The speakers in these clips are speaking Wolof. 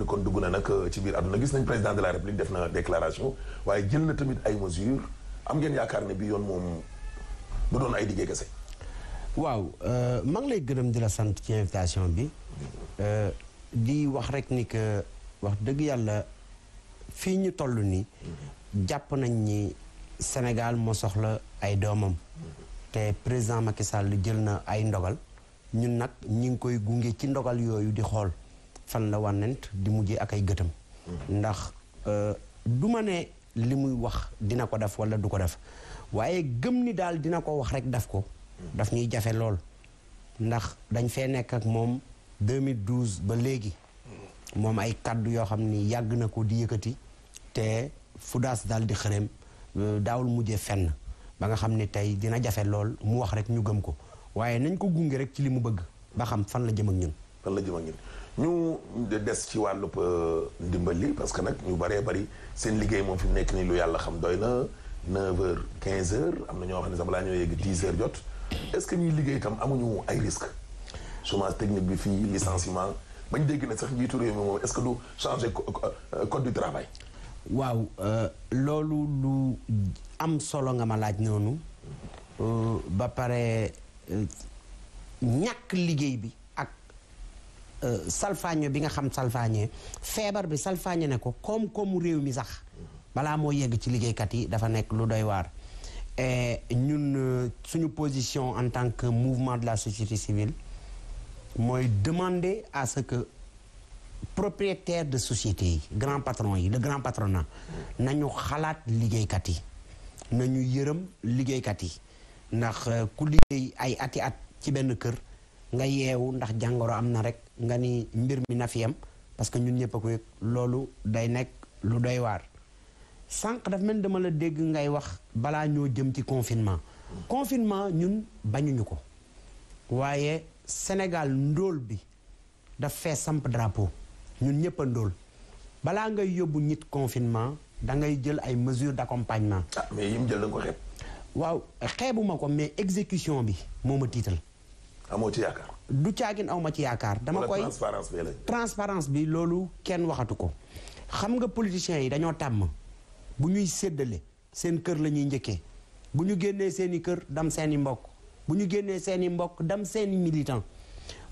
ne kon dugg na nag euh, ci biir àdduna gis nañ président de la république def na déclaration waaye jël na tamit ay mesures am ngeen yaakaar ne bi yoon moom du doon ay diggee kese. waaw euh, maa ngi lay gërëm di la sant ci invitation bi euh, di wax rek ni que wax dëgg yàlla fii ñu toll nii jàpp nañ ni Sénégal moo soxla ay doomam te président Macky Sall jël na ay ndogal ñun nag ñi ngi koy gunge ci ndogal yooyu di xool fan la wànnent di mujjee ak ay gëtam ndax euh, du ma ne li muy wax dina ko def wala du ko def waaye gëm ni daal dina ko wax rek def ko daf ñuy jafe lool ndax dañ fee nekk ak moom 2012 ba léegi moom ay kàddu yoo xam ni yàgg na ko di yëkkati te fudaas daal di xërëm euh, daawul mujjee fenn ba nga xam ni tey dina jafe lool mu wax rek ñu gëm ko waaye nañ ko gunge rek ci li mu bëgg ba xam fan la jëm ak ñun fan la jëm ak ñun ñu des ci wàllub euh, ndimbali parce que nag ñu baree bari seen liggéey moom fi mu nekk nii lu yàlla xam doy na 9 heures quinze heures am na ñoo xam ne sax balaa ñoo yegg 10 heures jot est ce que ñuy liggéey itam amuñu ay risques chômage technique bi fii licenciement bañ dégg na sax njiitu réew mi moom est ce que du changer euh, code du travail. waaw euh, loolu lu am solo nga ma laaj noonu ba pare ñàkk liggéey bi. Euh, salfaaño bi nga xam salfaañee feebar bi salfaañe ne ko koom-koomu réew mi sax balaa moo yegg ci liggéeykat yi dafa nekk lu doy waar ñun euh, suñu position en tant que mouvement de la société civile mooy demande à ce que propriétaire de société yi grand patron yi de grand na nañu xalaat liggéeykat yi nañu yërëm liggéeykat yi ndax euh, ku liggéey ay ati at ci benn kër nga yeewu ndax jàngoro am na rek nga ni mbir mi na fi yem parce que ñun ñëpp ko yëg loolu day nekk lu doy waar sànq daf mel dama la dégg ngay wax balaa ñoo jëm ci confinement confinement ñun bañuñu ko waaye Sénégal ndóol bi daf fee samp drapeau ñun ñëpp a ndóol balaa ngay yóbbu nit confinement da ngay jël ay mesures d'accompagnement. ah mais yim jël da ko xeeb. waaw xeebuma ko mais execution bi moo ma tiital. amoo du caagin aw ma ci yaakaar. dama koy transparence bi transparence loolu kenn waxatu ko. xam nga politiciens yi dañoo tàmm bu ñuy séddale seen kër lañuy njëkkee bu ñu génnee seen i kër dem seen i mbokk bu ñu génnee seen i mbokk dem seeni i militant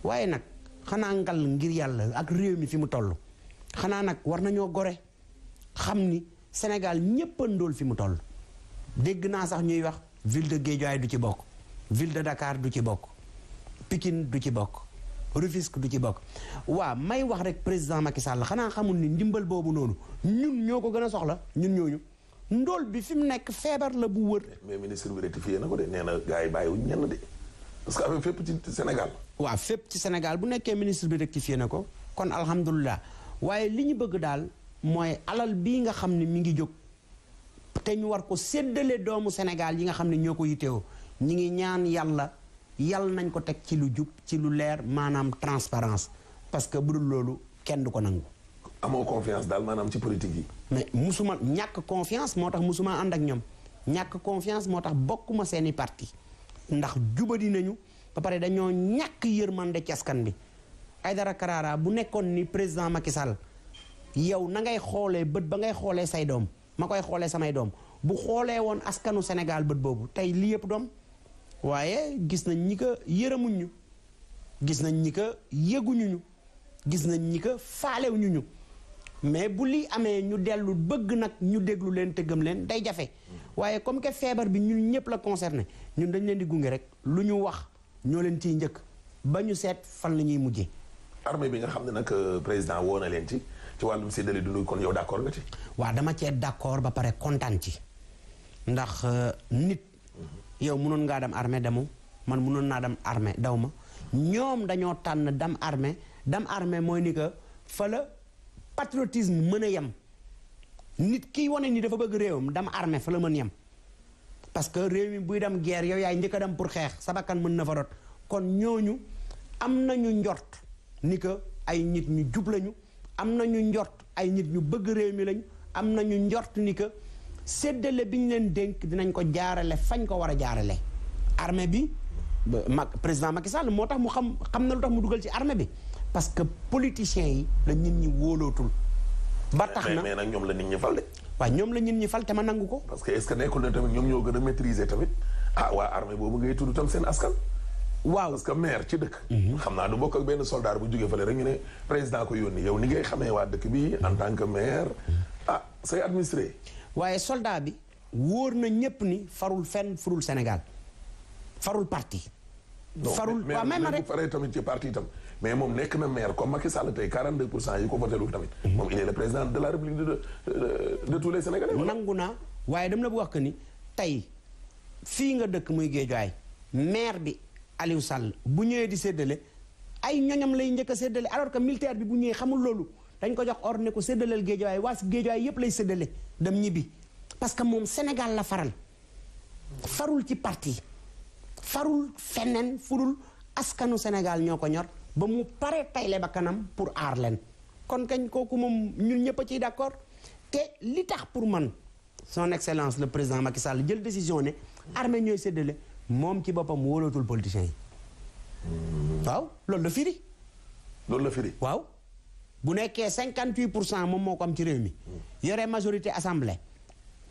waaye nag xanaa ngal ngir yàlla ak réew mi fi mu toll xanaa nag war nañoo gore xam ni Sénégal ñépp ndóol fi mu toll dégg naa sax ñuy wax ville de Guédiawaye du ci bokk ville de Dakar du ci bokk Pikine du ci bokk Rufisque du ci bokk waaw may wax rek président Macky Sall xanaa xamul ni ndimbal boobu noonu ñun ñoo ko gën a soxla ñun ñooñu ndool bi fi mu nekk feebar la bu wër. mais ministre bi rectifié na ko de nee na gars yi bàyyiwuñ ñenn de parce que affaire fépp ci Sénégal. waa fépp ci Sénégal bu nekkee ministre bi rectifié na ko kon alhamdulilah waaye li ñu bëgg daal mooy alal bii nga xam ne mi ngi jóg te ñu war ko seddalee doomu Sénégal yi nga xam ne ñoo ko yitteewoo yal nañ ko teg ci lu jub ci lu leer maanaam transparence parce que bu dul loolu kenn du ko nangu. amoo confiance daal maanaam ci politique yi. mais musuma ñàkk confiance moo tax musuma ànd ak ñoom ñàkk confiance moo tax bokkuma seeni parti ndax jubadi nañu ba pare dañoo ñàkk yërmande ci askan bi ay Aydara Karara bu nekkoon ni président Macky Sall yow na ngay xoolee bët ba ngay xoolee say doom ma koy xoolee samay doom bu xoolee woon askanu Sénégal bët boobu tey lii yëpp doom. waaye gis nañ ñi ko yërëmuñu gis nañ ñi ko yëguñu ñu gis nañ ñi ko faalewuñu ñu mais bu lii amee ñu dellu bëgg nag ñu déglu leen te gëm leen day jafe waaye comme que feebar bi ñun ñëpp la concerné ñun dañ leen di gunge rek lu ñu wax ñoo leen ciy njëkk ba ñu seet fan la ñuy mujjee. armée bi nga xam ne nag euh, président woo na leen ci ci wàllum séddale dundu kon yow d'accord nga ci. waaw dama cee d'accord ba pare kontaan ci ndax euh, nit. yow mënoon ngaa dem armée demu man mënoon naa dem armée daw ma ñoom dañoo tànn dem armée dem armée mooy ni que fa la patriotisme mën a yem nit kiy wane ni dafa bëgg réewam dem armée fa la mën yem parce que réew mi buy dem guerre yow yaay njëkk a dem pour xeex sa bakkan mën na fa rot kon ñooñu am nañu njort ni que ay nit ñu jub lañu am nañu njort ay nit ñu bëgg réew mi lañu am nañu njort ni que séddale bi ñu leen dénk dinañ ko jaarale fañ ko war a jaarale armée bi ma président Macky Sall moo tax mu xam xam na lu tax mu dugal ci armée bi parce que politiciens yi la nit ñi wóolootul ba tax na ñoom la nit ñi fal de waaw ñoom la nit ñi fal te ma nangu ko parce que est-ce que nekkul ne tamit ñoom ñoo gën a maîtriser tamit ah waa armée boobu ngay tudd tam seen askan waaw parce que maire ci dëkk mhm. xam naa du bokk ak benn soldat bu jógee fale rek ñu ne président ko yónni yow ni ngay xamee waa dëkk bi en tant que maire mhm. ah say waaye soldat bi wóor na ñépp ni farul fenn furul Sénégal farul parti farul waaw même rek faree tamit ci parti itam mais moom nekk na maire comme Macky Sall tey 42 pour cent yi ko votelul tamit mhm. moom il est le président de la république de de tous les nangu naa waaye dama la bu wax que ni tey fii nga dëkk muy Géejawaay maire bi Aliou Sall bu ñëwee di séddale ay ñoñam lay njëkk a séddale alors que militaire bi bu ñëwee xamul loolu dañ ko jox ordre ko séddaleel géejawaay waa géejawaay yépp lay séddale dem ñibbi parce que moom Sénégal la faral farul ci parti farul feneen furul askanu Sénégal ñoo ko ñor ba mu pare tayle ba kanam pour aar leen kon kañ kooku moom ñun ñëpp a ciy d'accord te li tax pour man son excellence le président Macky Sall jël décision ne armée ñooy séddale moom ci boppam wóolootul politiciens yi waaw loolu la firi loolu la firi waaw bu nekkee 58 pour cent moom moo ko am ci réew mi yore majorité assemblée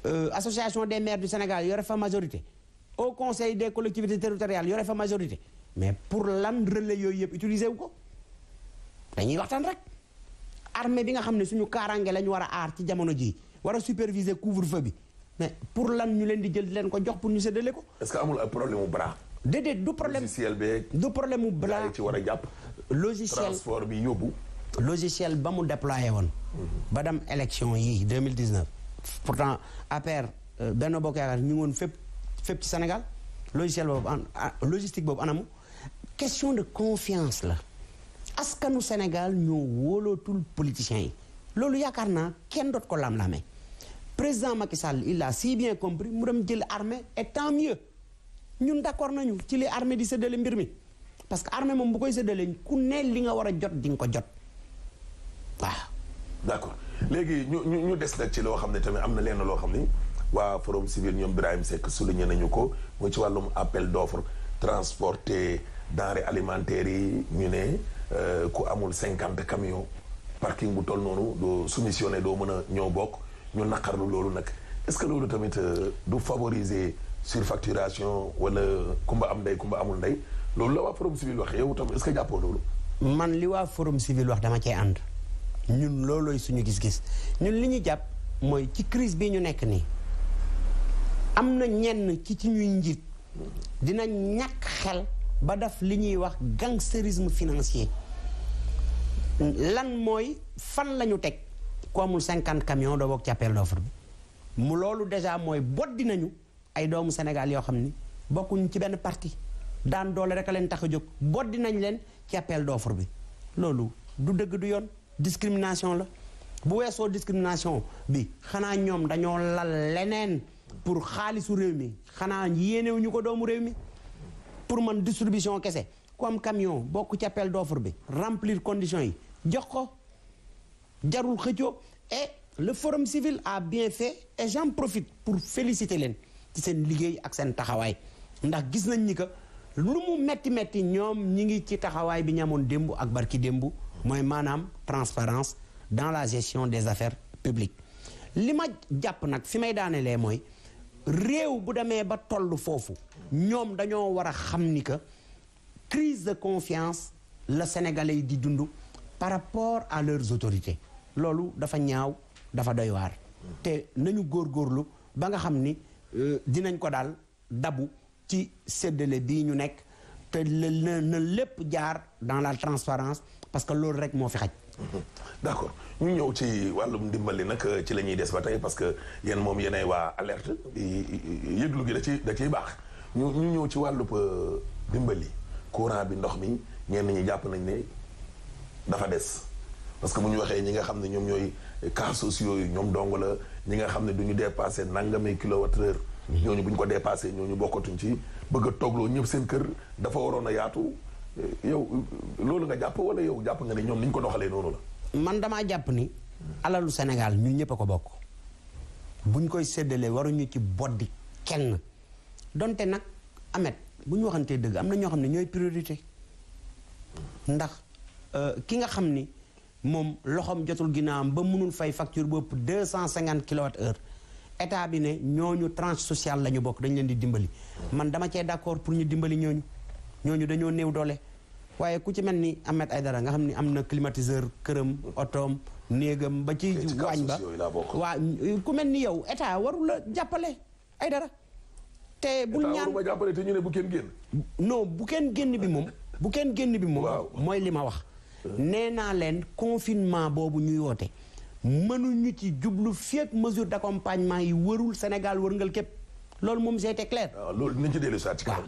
euh, association des maire du Sénégal yore fa majorité au conseil des collectivités territoriales yore fa majorité mais pour lan relais yooyu yëpp utiliser wu ko dañuy waxtaan rek armée bi nga xam ne suñu kaaraange la ñu war a aar ci jamono jii war a superviser couvre-feu bi mais pour lan ñu leen di jël di leen ko jox pour ñu séddale ko. est-ce que amul problème mu bras. déedéet du problème logiciel bi du problème mu bras ci war a jàpp. logiciel transport bi yóbbu. logiciel ba mu déployé woon. ba dem élection yii 2019 pourtant APR euh, Benno Bokk Yaakaar ñu woon fépp fépp ci Sénégal logiciel boobu an logistique boobu anamu question de confiance la askanu Sénégal ñoo wóolootul politiciens yi loolu yaakaar naa kenn dot ko lam-lamee président Macky Sall il a si bien compris mu dem jël armée et tant mieux ñun d'accord nañu ci li armée di séddale mbir mi parce que armée moom bu koy séddale ku ne li nga war a jot di nga ko jot d' accord léegi ñu ñu ñu des nag ci loo xam ne tamit am na lenn loo xam ni waa forum civil ñoom Birahim Seck souligné nañu ko mooy ci wàllum appel d' transporté transporter denrées alimentaires yi ñu ne euh, ku amul cinquante camions parking bu toll noonu doo soumissionné doo mën a ñëw bokk ñu naqarlu loolu nag est ce que loolu tamit euh, du favoriser surfacturation wala kumba am ndey kumba amul ndey loolu la waa forum civil wax yow tam est ce que jàppoo loolu. man li waa forum civil wax dama cee ànd. ñun loolooy suñu gis-gis ñun li ñu jàpp mooy ci crise bi ñu nekk nii am na ñenn ci ci ñuy njiit dina ñàkk xel ba def li ñuy wax gangstérisme financier lan mooy fan la ñu teg ku cinquante camion doo bokk ci appel bi mu loolu déjà mooy boddi nañu ay doomu Sénégal yoo xam ni bokkuñ ci benn parti daan doole rek a leen tax a jóg boddi nañ leen ci appel d'offre bi loolu du dëgg du yoon discrimination la bu weesoo discrimination bi xanaa ñoom dañoo lal leneen pour xaalisu réew mi xanaa yéenewu ñu ko doomu réew mi pour man distribution kese ku am camion bokk ci appel d'offre bi remplir conditions yi jox ko jarul xëccoo et le forum civil a bien fait et j'en profite pour féliciter leen ci seen liggéey ak seen taxawaay ndax gis nañ ni que lu mu metti metti ñoom ñi ngi ci taxawaay bi ñamoon démb ak barki démb mooy maanaam transparence dans la gestion des affaires publiques li ma jàpp nag fi may daanelee mooy réew bu demee ba toll foofu ñoom dañoo war a xam ni que crise de confiance la sénégalais yi di dund par rapport à leurs autorités loolu dafa ñaaw dafa doy waar te nañu góorgóorlu ba nga xam ni euh, dinañ ko daal dabu ci séddale bii ñu nekk te na lépp jaar dans la transparence parce que loolu rek moo fi xaj. Mhm. d' accord ñu ñëw ci wàllum ndimbali nag euh, ci la ñuy des ba tey parce que yéen moom yéenay waa alerte yëglu gi da ciy da ciy baax ñu ñu ñëw ci wàllub ndimbali euh, courant bi ndox mi ñenn ñi jàpp nañ ne dafa des parce que mu ñu waxee ñi nga xam ne ñoom ñooy cas sociaux yi ñoom dong la ñi nga xam ne du ñu dépassé nangami kilowatt heure. Mhm. ñooñu bu ñu ko ñoo ñu bokkatuñ ci bëgg a toogloo ñëpp seen kër dafa waroon a yaatu. yow loolu nga jàpp wala yow jàpp nga ne ñoom ni ko doxalee noonu la. man damaa jàpp ni. alalu Sénégal ñu ñëpp a ko bokk. buñ koy séddalee waruñu ci boddi kenn donte nag amet bu ñu waxantee dëgg am na ñoo xam ne ñooy priorité. ndax euh, ki nga xam ni moom loxoom jotul ginnaawam ba mënul fay facture bopp deux cent cinquante kilowatt heure. état bi ne ñooñu tranche social la ñu bokk dañ leen di dimbali. man dama cee d'accord pour ñu dimbali ñooñu. ñooñu dañoo néew doole waaye ku ci mel ni ay dara nga xam ni am na climatiseur këram otoom néegam ba ci waañ ba waa ku mel ni yow état warul la jàppale Aidara te bul ñaan ma jàppale bu kenn génn bi moom bu kenn génn bi moom mooy li ma wax nee naa leen confinement boobu ñuy woote mënuñu ci jublu feeg mesure d'accompagnement yi wërul Sénégal wërngal képp loolu moom c'était clair. waaw ah, loolu dinañ ci dellu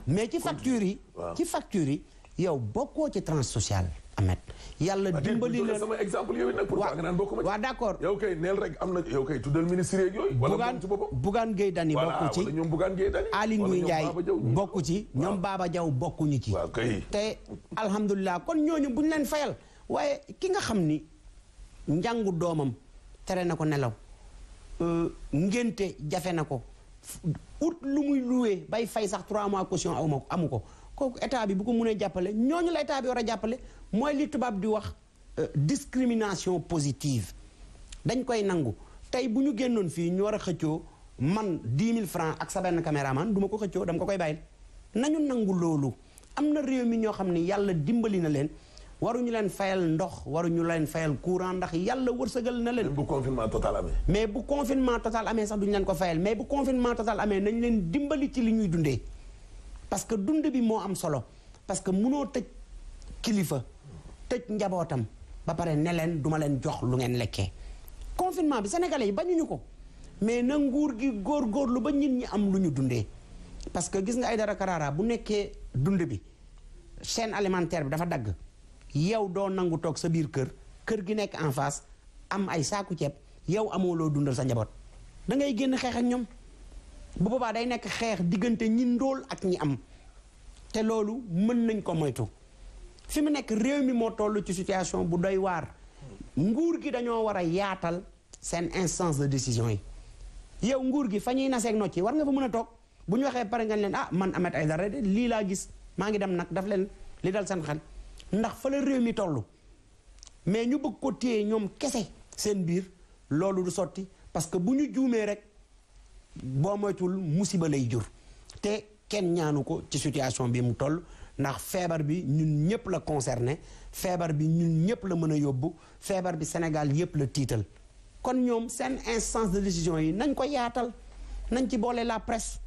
mais ci factures yi. ci factures yi. yow bokkoo ci tranche sociale Ahmed yàlla dimbali leen sama exemple yooyu nag pour nga naan bokkuma ci waaw d'accord yow kay neel rek am na yow kay tuddal ministre yeeg yooyu wala bugaan ci boppam bugaan Gueye Dany bokku ci ñoom bugaan Gueye Dany Aly Ngouille Ndiaye bokku ci ñoom Baba Diaw bokkuñu ci waaw kay te alhamdulilah kon ñooñu buñ leen fayal waaye ki nga xam ni njàngu doomam tere na ko nelaw euh, ngénte jafe na ko ut lu muy loué bay fay sax trois mois caution amu ko amu ko kooku état bi bu ko mënee jàppale ñooñu la état bi war a jàppale mooy li tubaab di wax euh, discrimination positive dañ koy nangu tey bu ñu génnoon fii ñu war a xëccoo man 10 000 francs ak sa benn caméraman du ko xëccoo dama ko koy bàyyil nañu nangu loolu am na réew mi ñoo xam ni yàlla dimbali na leen waruñu leen fayal ndox waruñu leen fayal courant ndax yàlla wërsëgal na leen. bu confinement total amee. mais bu confinement total amee sax duñu leen ko fayal mais bu confinement total amee nañ leen dimbali ci li ñuy dundee. parce que dund bi moo am solo parce que munoo tëj kilifa tëj njabootam ba pare ne leen duma leen jox lu ngeen lekkee confinement bi sénégalais yi bañuñu ko mais na nguur gi góor góorgóorlu ba nit ñi am lu ñu dundee parce que gis nga ay dara karaara bu nekkee dund bi chaîne alimentaire bi dafa dagg yow doo nangu toog sa biir kër kër gi nekk en face am ay saaku ceeb yow amoo loo dundal sa njaboot da génn xeex ñoom bu boobaa day nekk xeex diggante ñi ndóol ak ñi am te loolu mën nañ ko moytu fi mu nekk réew mi moo toll ci situation bu day waar nguur gi dañoo war a yaatal seen instance de décision yi yow nguur gi fa ñuy naseeg ci war nga fa mën a toog bu ñu waxee pare nga leen ah man Ahmed ay de lii laa gis maa ngi dem nag daf leen li dal seen xel ndax fa la réew mi toll mais ñu bëgg ko téye ñoom kese seen biir loolu du sotti parce que bu ñu juumee rek boo moytul musiba lay jur te kenn ñaanu ko ci situation bi mu toll ndax feebar bi ñun ñëpp la concerné feebar bi ñun ñëpp la mën a yóbbu feebar bi Sénégal yëpp la tiital kon ñoom seen instance de décision yi nañ ko yaatal nañ ci boole la presse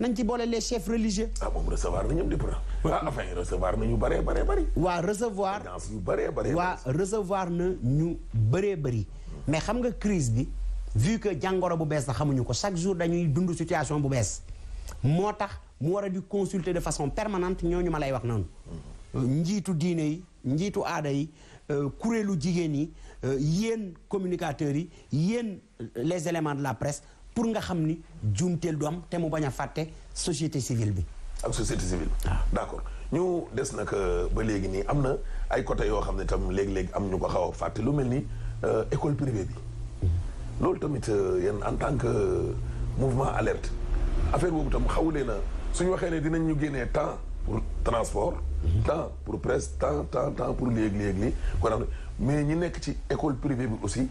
nañ ci boole les chefs religieux. ah moom recevoir na ñoom di ah enfin recevoir na ñu bëree bëree bëri. waa recevoir na ñu bëree bëri. mais xam nga crise bi. vu que jàngoro bu bees la xamuñu ko chaque jour dañuy dundu situation bu bees moo tax mu war a di consulter de façon permanente ñooñu ma lay wax noonu njiitu diine yi njiitu aada yi euh, kuréelu jigéen yi euh, yéen communicateurs yi yéen les éléments de la presse pour nga xam ni juumteel du am te mu bañ a fàtte société civile bi ak société civile ah. d'accord ñu des nag euh, ba léegi nii am na ay côté yoo xam ne tam léegi-léegi am ñu ko xaw a fàtte lu mel ni école privée bi loolu tamit euh, yéen en tant que euh, mouvement alerte affaire boobu tam xawulee na suñu waxee ne dinañ ñu génnee temps pour transport. Mhm. temps pour presse temps temps temps pour léeg léeg lii kon mais ñu nekk ci école privée bi aussi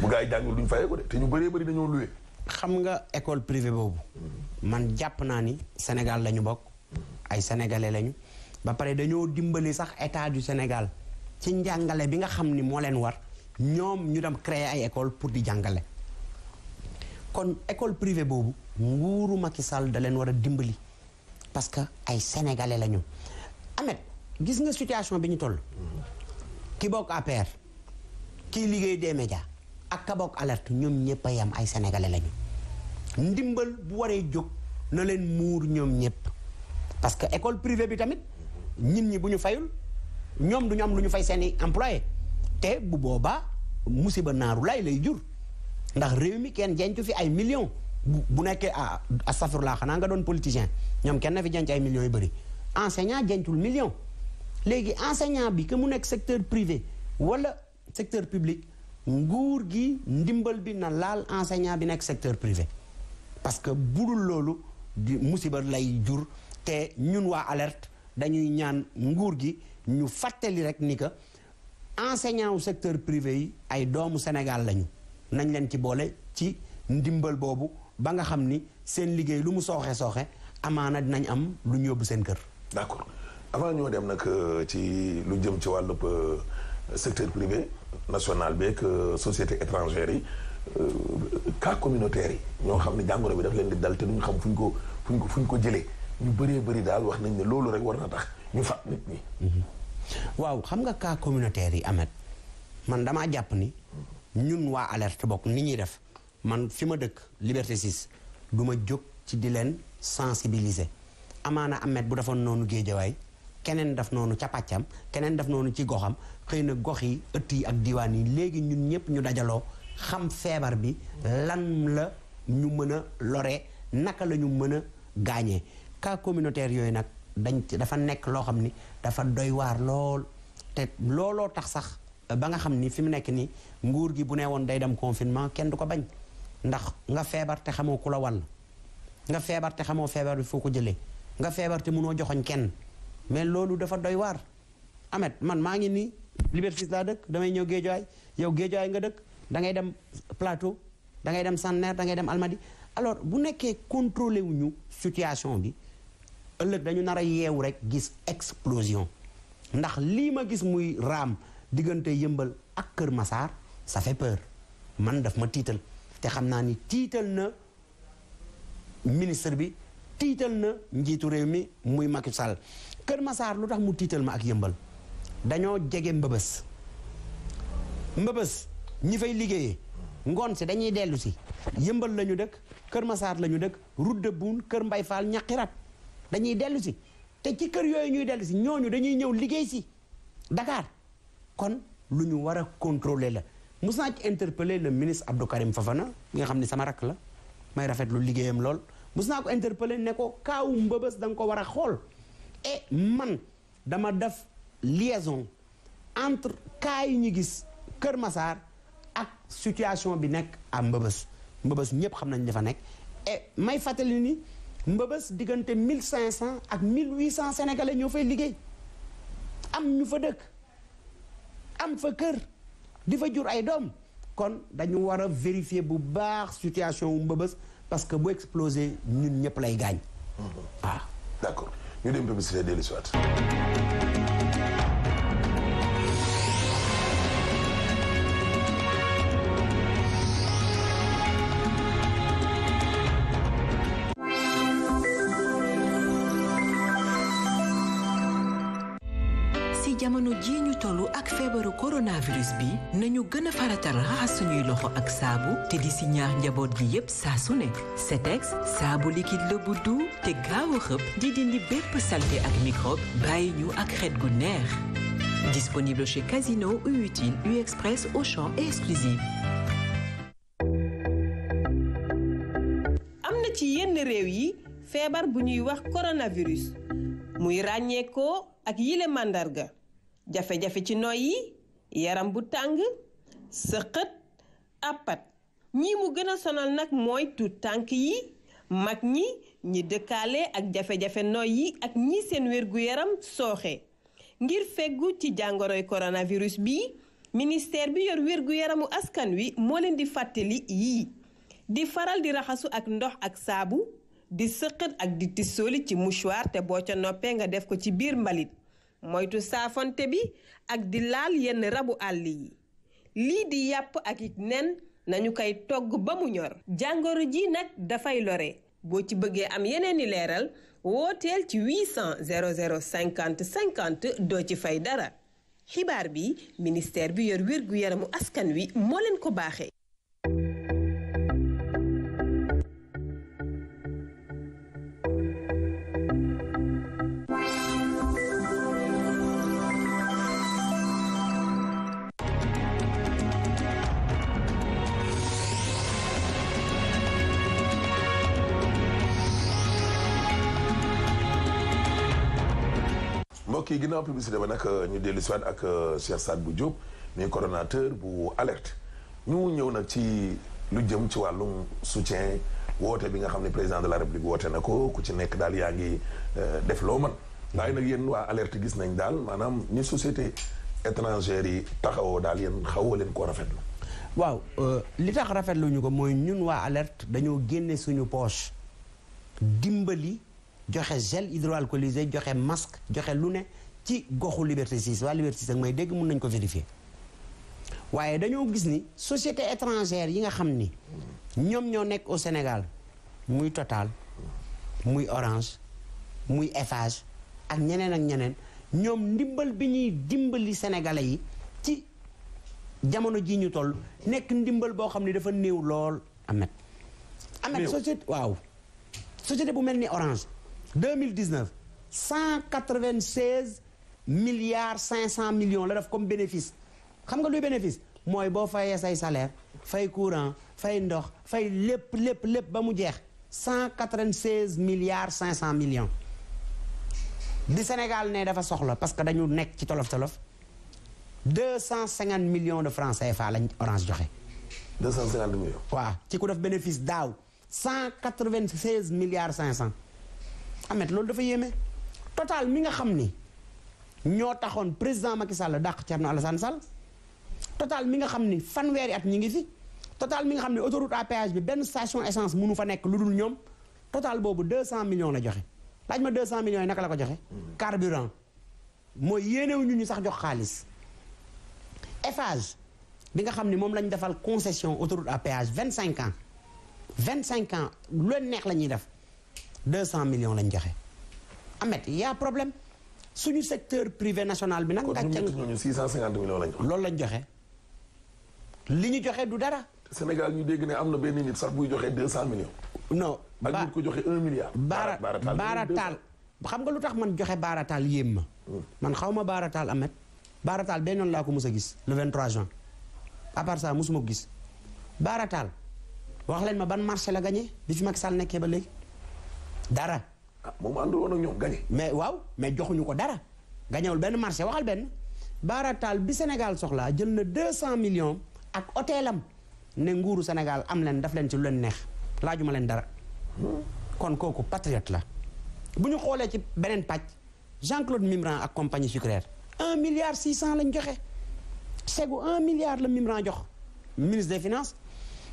bu gaa yi jàngul duñ fayee ko ñu bëree bëri dañoo loué. xam nga école privée boobu. man jàpp naa ni Sénégal la ñu bokk. ay sénégalais lañu. ba pare dañoo dimbali sax état du Sénégal ci njàngale bi nga xam ni moo leen war. ñoom ñu dem créer ay école pour di jàngale kon école privée boobu nguuru Macky Sall da leen war a dimbali parce que ay sénégalais lañu ñu amet gis nga situation bi ñu toll ki bokk APR kii liggéey des médias ak ka alerte ñoom ñëpp a yam ay sénégalais la ndimbal bu waree jóg na leen muur ñoom ñëpp parce que école privée bi tamit ñin ñi bu ñu fayul ñoom du ñu am lu ñu fay seeni employé te bu boobaa musiba naaru lay lay jur ndax réew mi kenn jencu fi ay millions bu nekkee ah astafurlaa xanaa nga doon politicien ñoom kenn na fi jenc ay millions yu bëri enseignant jencul million léegi enseignant bi que mu nekk secteur privé wala secteur public nguur gi ndimbal bi na laal enseignant bi nekk secteur privé parce que budul loolu di musiba lay jur te ñun waa alerte dañuy ñaan nguur gi ñu fàttali rek ni ka enseignant wu secteur privé yi ay doomu Sénégal lañu nañ leen ci boole ci ndimbal boobu ba nga xam ni seen liggéey lu mu sooxe sooxe amaana dinañ am lu ñu yóbbu seen kër. d'accord avant ñoo dem nag euh, ci lu jëm ci wàllub euh, secteur privé national beeg euh, société étrangère yi cas communautaire yi ñoo xam ne jàngoro bi daf leen di dal te duñ xam fuñ ko fuñ ko ko jëlee ñu bëree bëri daal wax nañ ne loolu rek war na tax ñu fa nit ñi. Mhm. waaw xam nga cas communautaire yi amet man damaa jàpp ni ñun waa alerte bokk ni ñuy def man fi ma dëkk Liberté sis du jóg ci di leen sensibiliser amaana amet bu defoon noonu géejawaay keneen daf noonu ca pàccam keneen daf noonu ci goxam xëy na gox yi ëtt yi ak diwaan yi léegi ñun ñëpp ñu dajaloo xam feebar bi lan la ñu mën a lore naka la ñu mën a gaañee cas communautaire yooyu nag dañ dafa nekk loo xam ni dafa doy waar lool te looloo tax sax euh, ba nga xam ni fi mu nekk nii nguur gi bu ne woon day dem confinement kenn du ko bañ ndax nga feebar te xamoo ku la wàll nga feebar te xamoo feebar bi foo ko jëlee nga feebar te mënoo joxoñ kenn mais loolu dafa doy waar Amet man maa ngi nii Liberté laa dëkk damay ñëw Géejawaay yow Géejawaay nga dëkk da ngay dem Plateau da ngay dem Sanneer da ngay dem almadi alors bu nekkee contrôlé wuñu situation bi ëllëg dañu nar a yeewu rek gis explosion ndax lii ma gis muy raam diggante yëmbal ak Kër masaar ça fait man daf ma tiital te xam naa ni tiital na ministre bi tiital na njiitu réew mi muy Macky Sall Kër masaar lu tax mu tiital ma ak yëmbal dañoo jege mbëbës mbëbës ñi fay liggéeyee ngoon si dañuy dellu si yëmbal la dëkk Kër masaar lañu ñu dëkk route de Kër Mbay Fall ñaqirat dañuy dellu si te ci kër yooyu ñuy dellu si ñooñu dañuy ñëw liggéey si Dakar kon lu ñu war a contrôler la mos naa ci interpeller le ministre Abdou Karim Fofana mi nga xam ni sama rakk la may rafet lu liggéeyam lool mus naa ko interpeller ne ko kaawu mbëbës da nga ko war a xool et man dama def lieson entre cas yi ñu gis Kër Massar ak situation bi nekk am mbëbës mbëbës ñëpp xam nañ dafa nekk may fàttali ni mbëbës diggante mille cinq cent ak mille huit cent sénégalais ñoo fay liggéey am ñu fa dëkk am fa kër di fa jur ay doom kon dañu war a vérifier bu baax situation wu mbëbës parce que bu explosé ñun ñëpp lay gaañ. Mmh. waaw. d'accord ñu dem publicité dellu si waat jamono jii ñu tollu ak feebaru coronavirus bi nañu gën a faratal raxas suñuy loxo ak saabu te di si ñaax njaboot gi yépp saasu su ne Setex saabu liquide la bu te gaaw a di dindi bépp saleté ak microbe bàyyi ñu ak xet gu neex disponible chez Casino U Utile U Express Auchan et Exclusive ci yenn réew yi feebar bu ñuy wax coronavirus muy ràññeekoo ak yile màndarga jafe-jafe ci yi yaram bu tàng sëqët àppat ñii mu gën a sonal nag mooy tu tànk yi mag ñi ñi dëkkaale ak jafe-jafe yi ak ñi seen wér-gu-yaram sooxee ngir feggu ci jàngoroy coronavirus bi ministère bi yor wér-gu-yaramu askan wi moo leen di fàttali yii di faral di raxasu ak ndox ak saabu di sëqët ak di tissooli ci mouchoir te boo ca noppee nga def ko ci biir mbalit moytu saafonte bi ak di laal yenn rabu àll yi lii di yàpp ak it nen nañu koy togg ba mu ñor jàngoro ji nag dafay lore boo ci bëggee am yeneeni leeral wooteel ci 800 00 50 50 doo ci fay dara xibaar bi ministère bi yor wér gu yaramu askan wi moo leen ko baaxee ki yi ginnaaw publicité ba nag euh, ñu dellu si ak ak euh, Cheikh bu Diop mi coordonnateur bu alerte ñu ñëw nag ci lu jëm ci wàllum soutien woote bi nga xam ne président de la république woote na ko ku ci nekk daal yaa ngi euh, def loo man waaye nag yéen waa alerte gis nañ daal maanaam ñu société étrangère yi taxawoo daal yéen xawoo leen koo rafetlu. waaw li tax rafetlu ñu ko mooy ñun waa alerte dañoo génne suñu poche dimbali. joxe gel hydroalcoolisé joxe masque joxe lu ne ci goxu Liberté 6 waa Liberté 6 ak may dégg mun nañ ko vérifier waaye dañoo gis ni société étrangère yi nga xam ni ñoom ñoo nekk au Sénégal muy Total muy Orange muy Eiffage ak ñeneen ak ñeneen ñoom ndimbal bi ñuy dimbali sénégalais yi ci jamono ji ñu toll nekk ndimbal boo xam ni dafa néew lool amet amet société waaw société bu mel ni Orange deux mille dix neuf cent quatre vingt seize milliards cinq cent millions la def comme bénéfice xam nga luy bénéfice mooy boo fayee say salaire fay courant fay ndox fay lépp lépp lépp ba mu jeex cent quatre vingt seize milliards cinq cent millions di Sénégal ne dafa soxla parce que dañu nekk ci tolof tolof deux cent cinquante millions de francs CFA lañ orange joxe. deux cent cinquante ci ku def bénéfice daaw cent quatre vingt seize milliards cinq cent. Ahmed loolu dafa yéeme total mi nga xam ni ñoo taxoon président Macky Sall dàq Thierno san sal total mi nga xam ni fanweeri at ñi ngi si total mi nga xam ne autoroute à bi benn station essence mënu fa nekk lu dul ñoom total boobu 200 millions la joxe laaj ma 200 millions yi naka la ko joxe. carburant mooy yéenewuñu ñu sax jox xaalis. Eiffage bi nga xam ne moom lañ defal concession autoroute à vingt 25 ans 25 ans lu neex la ñuy def. deux cent millions lañ joxe Ahmed y a problème suñu secteur privé national bi nag. gàcce ñooñu six cent cinquante millions lañ joxe. loolu lañ joxe li ñu joxe du dara. Sénégal ñu dégg ne am na benn nit sax buy joxe deux cent millions. non ba ak ko joxe un milliard. baara baarataal xam nga lu tax man joxe baarataal yéem ma. Hmm. man xaw ma baarataal Ahmed. baarataal benn noonu laa ko mos a gis le 23 juin à part ça mosuma gis baarataal wax leen ma ban marché la gagné bi fi Macky Sall nekkee ba léegi. dara. ah moom àndul woon ak ñoom gañe mais waaw mais joxuñu ko dara. gañewul benn marché waxal benn baarataal bi Sénégal soxlaa jël na 200 millions ak hôtelam ne nguuru Sénégal am leen daf leen ci lu leen neex laajuma leen dara. Hmm. kon kooku patriote la. bu ñu xoolee ci beneen pàcc Jean-Claude Mimran ak compagnie sucrière 1 milliard 600 lañ joxe. segu 1 milliard la Mimran jox ministre des finances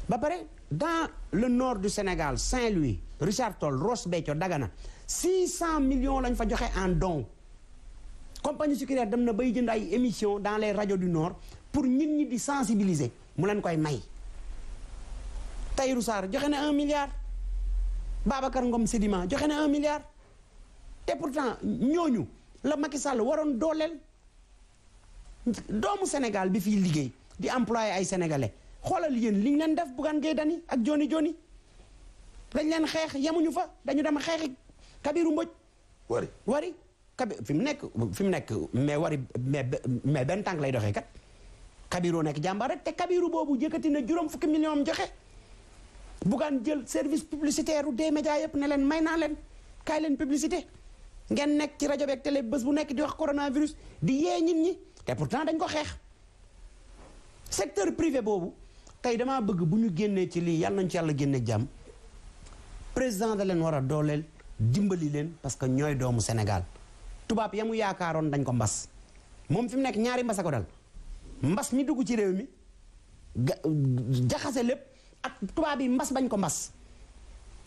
ba pare. dans le nord du Sénégal Saint-Louis Richard Toll Ross Béthio Dagana 600 millions lañ fa joxe en don compagnie sucrière dem na bay jënd ay émissions dans le radios du nord pour nit ñi di sensibiliser mu leen koy may Tahirou Sarr joxe na un milliard Babacar Ngom Sedima joxe na un milliard te pourtant ñooñu la Macky Sall waroon dooleel doomu Sénégal bi fiy liggéey di employé ay sénégalais xoolal yéen liñ leen def Bougane Gueye Dany ak Joni Joni dañ leen xeex yemuñu fa dañu dem xeexi Kabiru Mbodj wari wari kabi fi mu nekk fi mu nekk mais wari mais mais benn tànk lay doxe kat Kabiru nekk jàmbaar rek te Kabiru boobu yëkkati na juróom fukki million am joxe Bougane jël service publicitaire u des médias yëpp ne leen may naa leen kaay leen publicité ngeen nekk ci rajo beeg télé bés bu nekk di wax coronavirus di yee nit ñi te pourtant dañ ko xeex secteur privé boobu tey damaa bëgg bu ñu génnee ci lii yàlla nañ ci yàlla génne jàmm président da leen war a dooleel dimbali leen parce que ñooy doomu Sénégal tubaab yamu yaakaaroon dañ ko mbas moom fi mu nekk ñaari mbas ko dal mbas mi dugg ci réew mi jaxase lépp ak tubaab yi mbas bañ ko mbas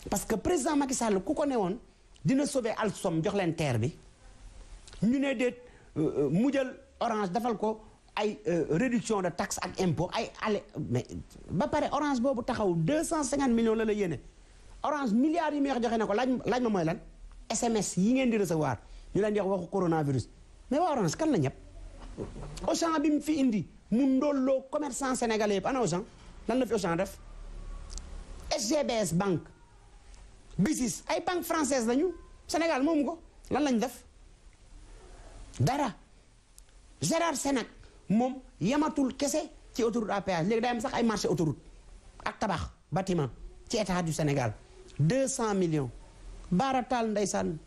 parce que président Macky Sall ku ko ne woon dina sauver Alstom jox leen terre bi ñu ne déet euh, euh, mu jël orange defal ko ay euh, réduction de taxe ak impôt ay ale mais ba pare orange boobu taxaw deux cent cinquante millions la la yéene orange milliards yi muy wax joxe na ko laaj laaj ma mooy lan SMS yi ngeen di recevoir ñu leen di waxu coronavirus mais waa orange kan la ñëpp Auchan bi mu fi indi mu ndolloo commerçant sénégalais yëpp ana Auchan lan la fi Auchan def SGBS banque BICIS ay banque française lañu Sénégal moomu ko lan lañ def dara Gérard Sénac moom yamatul kese ci autoroute à léegi day am sax ay marché autoroute ak tabax bâtiment ci état du Sénégal cent millions baara taal ndeysaan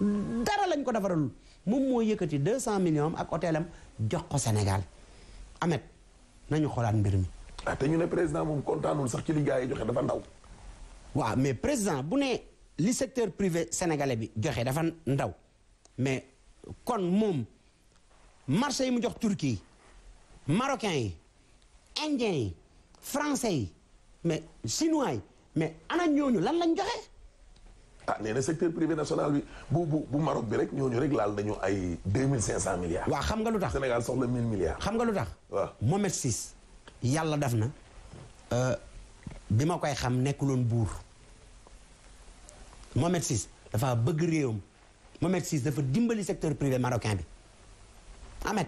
dara lañ ko defaralul moom moo yëkkati 200 millions ak hôtelam jox ko Sénégal amet nañu xoolaat mbir mi. ah te ñu ne président moom kontaanul sax ci li gars yi joxe dafa ndaw. waaw mais président bu ne li secteur privé sénégalais bi joxe dafa ndaw mais kon moom. marché yi mu jox turquie marocain yi indien yi français yi mais chinois yi mais ana ñooñu lan lañ joxe. ah nee na secteur privé national bi bu bu bu Maroc bi rek ñooñu rek laal nañu ay deux mille cinq cent milliards. waaw xam nga lu tax Sénégal soxla mille milliards. xam nga lu tax. waaw Mohamed Ciss yàlla def na. Euh, bi ma koy xam nekkuloon buur Mohamed Ciss dafa bëgg réewam Mohamed Ciss dafa dimbali secteur privé marocain bi Ahmed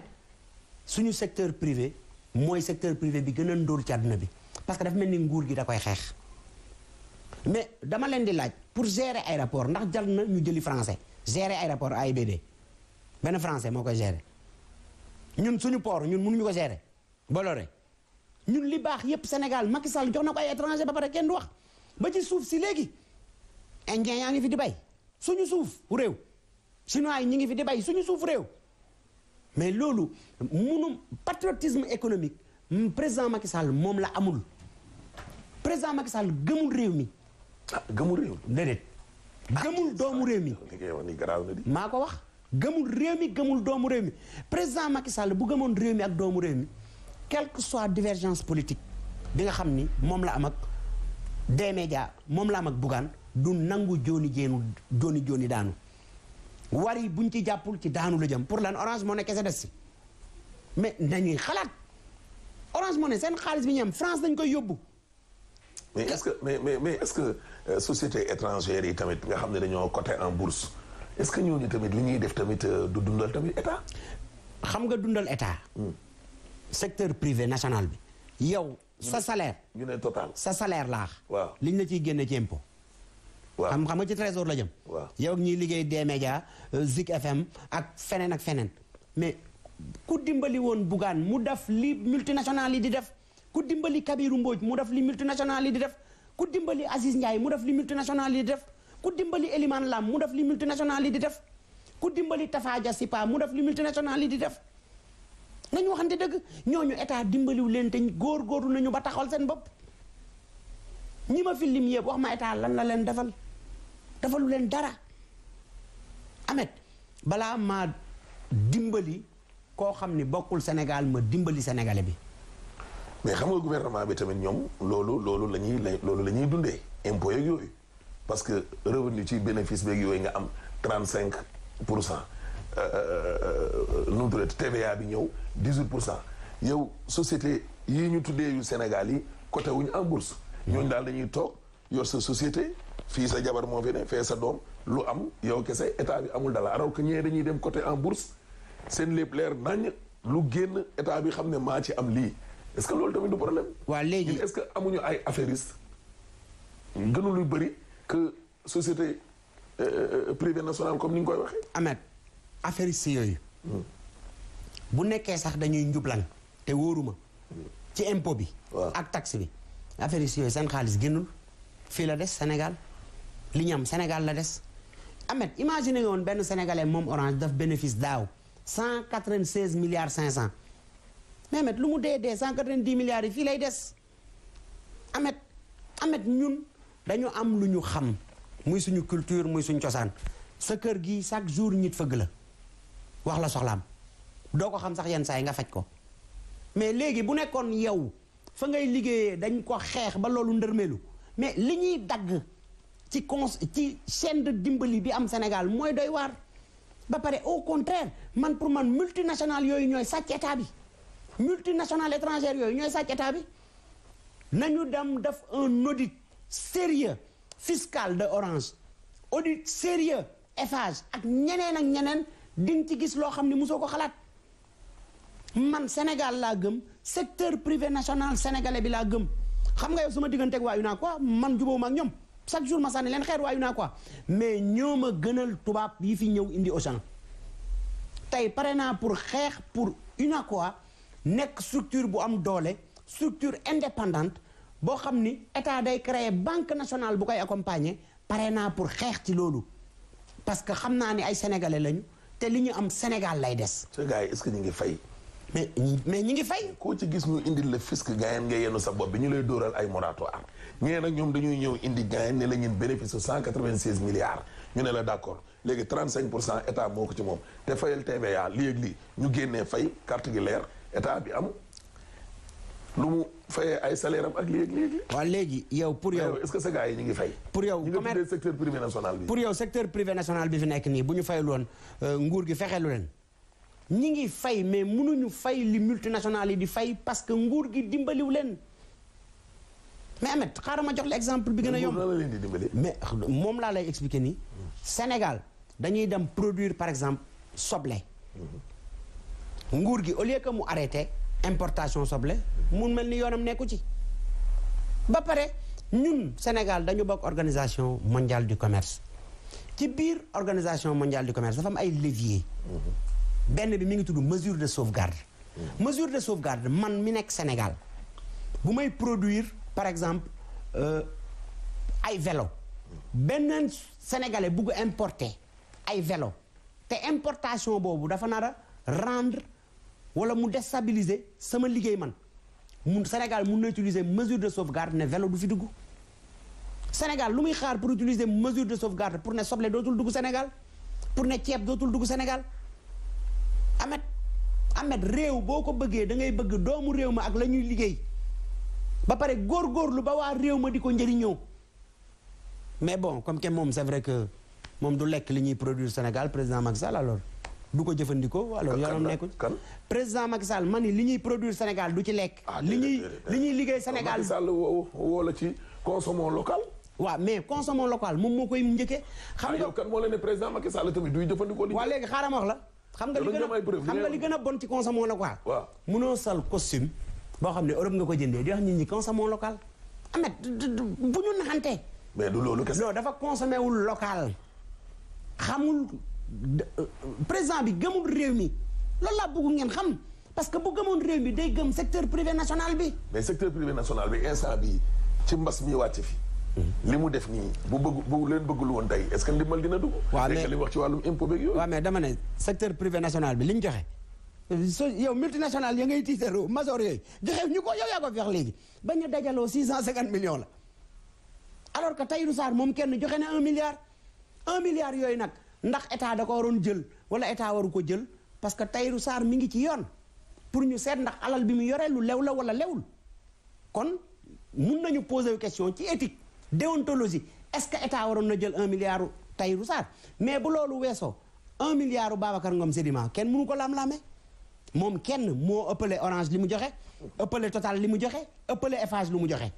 suñu secteur privé mooy secteur privé bi gën a ndóol ci àdduna bi parce que dafa mel ni nguur gi da koy xeex mais dama leen di laaj pour gere ay aéroport ndax jal na ñu jëli français ay aéroport AIBD benn français moo koy gere ñun suñu port ñun munuñu ko gérer Bolloré ñun li baax yépp Sénégal Macky Sall jox na ko ay étranger ba pare kenn du wax ba ci suuf si léegi indien yaa ngi fi di bay suñu suuf réew chinois yi ñu ngi fi di bay suñu suuf réew mais loolu munu patriotisme économique président Macky Sall moom la amul président Macky Sall gëmul réew mi. ah gëmul réew mi déedéet. Ah, doomu réew mi. maa ko wax gëmul réew mi gëmul doomu réew mi président Macky Sall bu gëmoon réew mi ak doomu réew mi quelle soit divergence politique bi nga xam ni moom la am ak D-Media moom la am ak Bougane du nangu jooni jeenu jooni jooni daanu. war yi buñ ci jàppul ci daanu la jëm pour lan orange moo ne kese des si mais nañuy xalaat orange moo ne seen xaalis bi ñu am France dañ koy yóbbu. mais est-ce que mais mais mais est-ce que euh, société étrangère yi tamit nga xam ne dañoo côté en bourse est-ce que ñooñu tamit li ñuy def tamit euh, du dundal tamit état. xam nga dundal état. Hmm. secteur privé national bi. yow sa salaire. ñu ne total sa salaire laax. waaw liñ la ciy génne ci xam xam nga ci trésor la jëm. waaw yow ak liggéey D-Media euh, Zik FM ak feneen ak feneen mais ku dimbali woon Bougane mu def li multinational yi di def ku dimbali Kabirou Mbodj mu def li multinational yi di def ku dimbali Aziz Ndiaye mu def li multinational yi di def ku dimbali Elimane Lam mu def li multinational yi di def ku dimbali Tafa Dia Sipa mu def li multinational lii di def. nañu te dëgg ñooñu état dimbaliw leen te góor góoru nañu ba taxawal seen bopp. ñi ma fi lim yëpp wax ma état lan la leen defal defalu leen dara amet balaa ma dimbali koo xam ni bokkul Sénégal ma dimbali sénégalais bi mais xam nga gouvernement bi tamit ñoom loolu loolu la ñuy loolu la ñuy dundee impôt yeeg yooyu parce que revenu ci bénéfice beeg yooyu nga am cinq pour cent euh, euh, euh, nu mu TVA bi ñëw 18 pour cent yow société yi ñu tuddee yu Sénégal yi côté wuñu en bourse ñooñu daal dañuy toog yor sa société fii sa jabar moo fi ne fee sa doom lu am yow kese état bi amul dala alors que ñee dañuy dem côté en bourse seen lépp leer nañ lu génn état bi xam ne maa ci am lii est-ce que loolu tamit du problème. waa léegi est-ce que amuñu ay affairiste gënu lu bëri que société euh, euh, privée nationale comme ni nga koy waxee. Ahmed si yooyu. bu nekkee sax dañuy njublan te wóoruma. ci impôt bi. ak taxe bi. affaire yi yooyu seen xaalis génnul fii la des Sénégal li ñam Sénégal la des Ahmed imagine woon benn sénégalais moom orange daf bénéfice daaw cent quatre-vingt-seize milliards cinq cent mais lu mu dee dee cent quatre-vingt-dix milliards yi fii lay des Ahmed Ahmed ñun dañu am lu ñu xam muy suñu culture muy suñ cosaan sa kër gi chaque jour ñit fëgg la wax la soxlaam doo ko xam sax yenn saa yi nga faj ko mais léegi bu nekkoon yow fa ngay liggéeyee dañ ko xeex ba loolu ndërmeelu mais li ñuy dagg ci con ci chaîne de dimbali bi am Sénégal mooy doy waar ba pare au contraire man pour man multinationale yooyu ñooy sàcc état bi multinationale étrangère yooyu ñooy sàcc état bi nañu dem def un audit sérieux fiscal de Orange audit sérieux Eiffage ak ñeneen ak ñeneen di nga ci gis loo xam ne mosoo ko xalaat man Sénégal laa gëm secteur privé national sénégalais bi laa gëm xam nga yow sama digganteeg waa UNACOIS man jubóowuma ak ñoom chaque jour ma sànni leen xeer waa UNACOIS mais ñoo ma gënal tubaab yi fi ñëw indi Auchan tey pare naa pour xeex pour quoi nekk structure bu am doole structure indépendante boo xam ni état day créer banque nationale bu koy accompagner pare naa pour xeex ci loolu parce que xam naa ni ay sénégalais lañu te li ñu am Sénégal lay des. gars que ñu ngi fay. mais mais ñi ngi fay. koo ci gis ñu indil la fisc gaayen nga yenn sa bopp bi ñu lay dóoral ay moratoire ñee nag ñoom dañuy ñëw indi gaayen ne la ñun bénéfice cent quatre-vingt-seize milliards ñu ne la d'accord léegi trente-cinq pour cent état moo ko moom te fayal ñu génnee fay kart gi leer état bi am lu mu fayee ay salaire am ak lii ak lii ak lii. waaw léegi yow pour yow est-ce que sa yi ñu ngi fay. pour yow secteur national bi. pour yow secteur privé national bi fi nekk nii bu ñu fay loon euh, nguur gi fexeelu leen. ñi ngi fay mais munuñu fay li multinationales yi di fay parce que nguur gi dimbaliw leen mais Ahmed xaaral ma jox la exemple bi gën a yomb mais moom laa lay expliquer nii Sénégal dañuy dem produire par exemple soble mhm. nguur gi au lieu que mu arrêté importation soble mu mel ni yoonam nekku ci ba pare ñun Sénégal dañu bokk organisation mondiale du commerce ci biir organisation mondiale du commerce dafa am ay levier mhm. benn bi mu ngi tudd mesure de sauvegarde mesure de sauvegarde man mi nekk Sénégal bu may produire par exemple euh, ay vélo beneen sénégalais bugg importer ay velo te importation boobu dafa nar a rendre wala mu déstabiliser sama liggéey man mun Sénégal mun na utiliser mesure de sauvegarde ne velo du fi dugg Sénégal lu muy xaar pour utiliser mesure de sauvegarde pour ne soble dootul dugg Sénégal pour ne ceeb dootul dugg Sénégal Ahmed Ahmed réew boo ko bëggee da ngay bëgg doomu réew ma ak la ñuy liggéey ba pare góor góorgóorlu ba waa réew ma di ko njëriñoo mais bon comme que moom c'est vrai que moom du lekk li ñuy produire Sénégal président Macky Sall alors du ko jëfandikoo alors yoonam nekkul président Macky Sall ma ni li ñuy produire Sénégal du ci lekk ah, li ñuy li ñuy liggéey ah, Sénégal Sall woo la ci consommons local waaw mais consommons local moom moo koy njëkkee xam ah, nga yow kan moo leen ne président Macky Sall tamit la xam nga li gën a xam nga li gën a bon ci consommation locale waaw mënoo sal costume boo xam ne Europe nga ko jëndee di wax nit ñi consommation locale amet bu ñu naxante mais du loolu kese non dafa consommé wul local xamul euh, président bi gëmul réew mi loolu laa bëgg ngeen xam parce que bu gëmoon réew mi day gëm secteur privé national bi mais secteur privé national bi instant bi ci mbas mi wàcc fii Mm-hmm. li mu def nii bu bëgg bu leen bëggul woon tey est-ce que ndimbal dina dugg. waaw mais li wax ci wàllum impôt secteur privé national bi li ñu joxe. so yow multinational ya ngay tiitaru major yooyu joxe ñu ko yow yaa ko fex léegi bañ a dajaloo six cent cinquante millions la alors que Tahirou Sarr moom kenn joxe na un milliard un milliard yooyu nag ndax état da ko waroon jël wala état waru ko jël parce que Tahirou Sarr mi ngi ci yoon pour ñu seet ndax alal bi mu yoree lu lew la wala lewul kon mun nañu poser question ci éthique déontologie est-ce que état waroon na jël un milliard Tahirou Sarr mais bu loolu weesoo un milliard Babacar Ngom Sedima kenn mënu ko lam moom kenn moo ëppale orange li mu joxe ëppale total li mu joxe ëppale Eiffage li mu joxe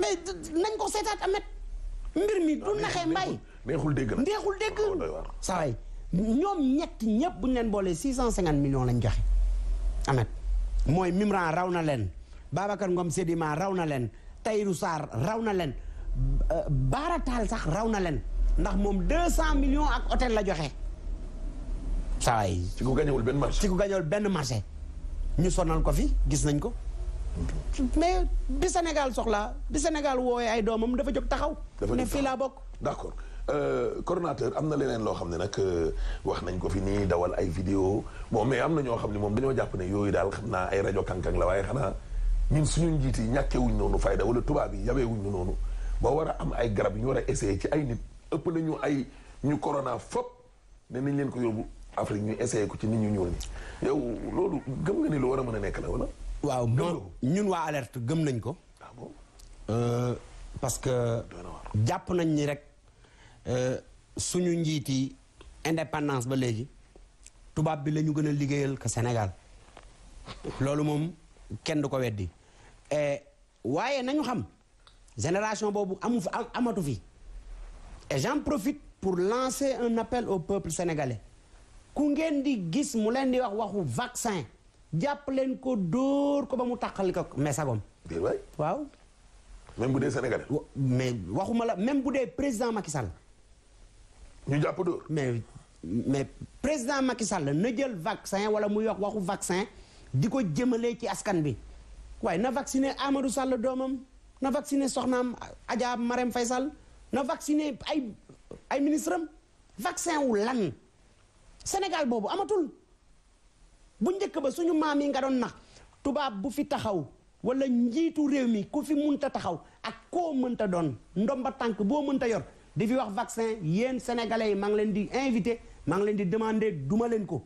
mais nañ ko seetaat amet mbir mi du naxee mbay neexul dégg neexul dégg saway oh, ñoom ñett ñëpp bu ñu leen boolee six cent cinquante millions lañ joxe amet mooy Mimran raw na leen Babacar Ngom Sedima raw na leen Tahirou Sarr raw na leen euh, baarataal sax raw na leen ndax moom deux cent millions ak hôtel la joxe saa yi ci ku gañewul benn marché ci ku gañewul benn marché ñu sonal ko fi gis nañ ko mais bi Sénégal soxla bi Sénégal woowee ay doomam dafa jóg taxaw ne fii laa bokk d'accord euh, coordonnateur am na leneen loo xam ne nag euh, wax nañ ko fi nii dawal ay vidéo bon mais am na ñoo xam ne moom dañoo jàpp ne yooyu daal xam naa ay rajo kankang la waaye xanaa ñun suñu njiit yi ñàkkee wuñ noonu wala tubaab yi yabee wuñ noonu war a am ay garab ñu war a essayé ci ay nit ëpp nañu ay ñu corona fop ne nañ leen ko yóbbu Afrique ñu essayé ci nit ñu ñuul ñi yow loolu gëm nga war a mën a nekk la wala. waaw ñun waa alerte gëm nañ ko. Ah euh, parce que jàpp nañ ni rek euh, suñu njiit yi indépendance ba léegi tubaab bi la ñu gën a liggéeyal ko Sénégal loolu moom kenn du ko weddi Eh, waaye nañu xam génération boobu amu fi amatu fi et j'en profite pour lancer un appel au peuple sénégalais ku ngeen di gis mu leen di wax waxu vaccin jàpp leen ko dóor ko ba mu tàqal ko mesagom waaw même bu dee sénégalais mais waxuma même bu dee président Macky ñu jàpp dóor mais mais président Macky na jël vaccin wala muy wax waxu vaccin di ko jëmalee ci askan bi waaye na vacciné Amadou Sall doomam na vacciné soxnaam Adja Marème Faye Sall na vacciné ay ay ministre am vaccin wu lan Sénégal boobu amatul bu njëkk ba suñu maam yi nga doon nax tubaab bu fi taxaw wala njiitu réew mi ku fi mënta taxaw ak koo mënta doon ndoom ba tànk boo mënta yor di fi wax vaccin yéen sénégalais yi maa leen di invité maa ngi leen di demander duma leen ko.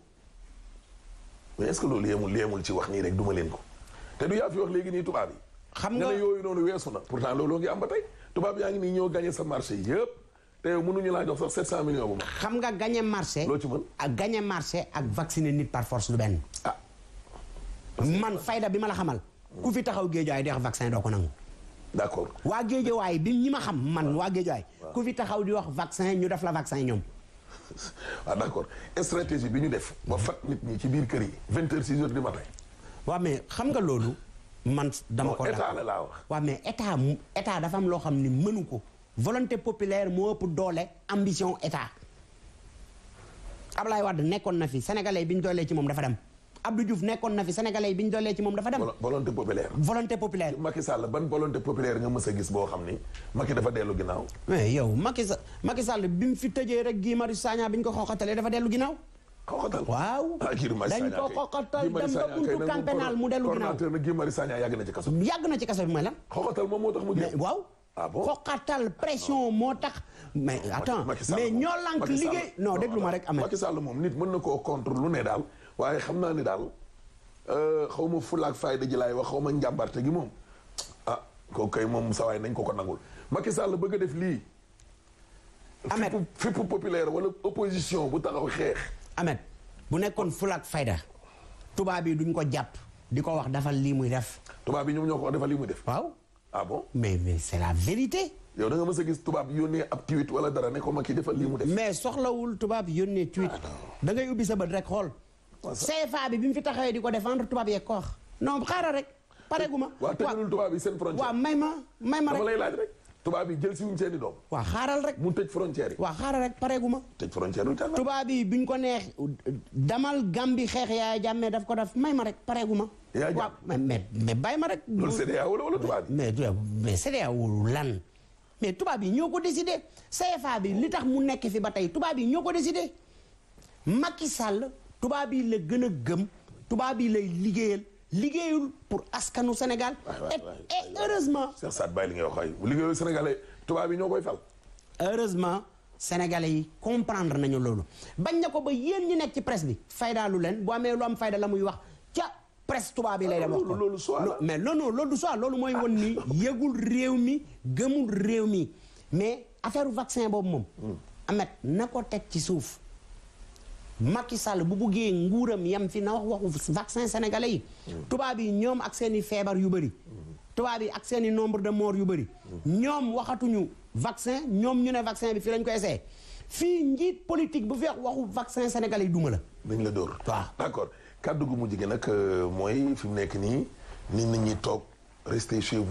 mais est-ce que loolu yemul yemul ci wax nii rek duma leen ko. te du yaa fi wax léegi nii tubaab yi. xam nga ne yooyu noonu weesu na pourtant looloo ngi am ba tey tubaab yaa ngi nii ñëw gagné sa marché yëpp te yow mënuñu laa jox sax 700 millions bu xam nga gagné marché. loo ci mën ak gagné marché ak vacciner nit par force du benn. ah. man fayda bi ma la xamal. ku fi taxaw géejaay di wax vaccin doo ko nangu. d'accord waa waaye bi ñi ma xam man waa géejawaay ku fi taxaw di wax vaccin ñu def la vaccin ñoom. waaw ah, d'accord stratégie bi ñu def. ba fat nit ñi ci biir kër yi. 20 heures 6 heures du matin. waaw mais xam nga loolu. man dama ko état la laa wax. waaw mais état état dafa am loo xam ni mënu ko volonté populaire moo ëpp doole ambition état Ablaye Wade nekkoon doolee ci moom dafa dem. Abdou Diouf nekkoon na fi sénégalais yi bi ñu doolee ci moom dafa dem. volonté populaire. volonté populaire. Macky Sall ban volonté populaire nga mës a gis boo xam ni Macky dafa dellu ginnaaw. mais yow Macky Sall Macky bi mu fi tëjee rek Guy Marius Sagna bi ñu ko xooxatalee dafa dellu ginnaaw. xoxatal waaw ah, dañ ko xoxatal dem ba buntu camp pénal mu dellu ginnaaw coordonnateur Guy Marius Sagna yàgg na ci kaso bi yàgg na ci kaso bi mooy lan xoxatal moom moo tax mu génn waaw ah, xoxatal pression ah, moo tax mais attends mais ñoo lank liggéey non ma rek amee Macky Sall moom nit mën na koo contre lu ne daal waaye xam naa ne daal euh, xaw ma fulaak fayda ji laay wax xaw ma njàmbarte gi moom ah kooku kay moom sawaay nañ ko ko nangul Macky Sall bëgg a def lii Ahmed fipp populaire wala opposition bu taxaw xeex Ahmed bu nekkoon fulak fayda tubaab yi duñ ko jàpp di ko wax defal lii muy def. tubaab yi ñoom ñoo ko defal lii muy def. waaw ah bon mais mais c'est la vérité. yow da nga mës a gis tubaab yónnee ab tweet wala dara ne ko ma kii defal lii mu def. mais soxlawul tubaab yónnee tweet. Ah dangay ngay ubbi sa bët rek xool. CFA bi bi mu fi taxawee di ko défendre tubaab yee ko wax. non xaaral rek pare gu ma. waaw tëjalul tubaab yi seen frontière. waaw may ma may ma rek rek. tubaab yi jël si wuñ seen i doom. waaw xaaral rek. mu tëj frontière yi. waaw xaaral rek pareegu ma. tubaab yi buñ ko neex damal Gàmbi xeex Yaya Jammeh daf ko daf may ma rek pareegu ma. Yaya mais mais ma rek. loolu CEDEAO wala wala mais mais CEDEAO lan. mais tubaab yi ñëw ko décidé CFA bi li tax mu nekk fi ba tey tubaab yi ñoo ko décidé Macky sàll tubaab yi la gën a gëm tubaab yi lay liggéeyal. liggéeyul pour askanu Sénégal. et et heureusement. Cheikh Saad Baye li ngay wax tubaab yi ñoo koy fal. heureusement sénégalais yi comprendre nañu loolu bañ na ko ba yéen ñu nekk ci presse bi faydaalu leen boo amee lu am fayda la muy wax ca presse tubaab yi lay dem ah, wax ko mais non non loolu du soit loolu mooy won ni ah. yëgul réew mi gëmul réew mi mais affaire vaccin boobu moom. Hmm. Amet na ko teg ci suuf. Macky Sall bu buggee nguuram yam fi na wax waxu vaccin sénégalais yi tubaab yi ñoom ak seen i feebar yu bëri tubaab yi ak seen i nombre de morts yu bëri ñoom waxatuñu vaccin ñoom ñu ne vaccin bi fi lañ ko essayé fii njiit politique bu fi wax waxu vaccin sénégalais yi duma la dañ la dóor waaw d'accord kàddu gu mujj gi nag euh, mooy fi mu nekk nii nit ñi toog restez chez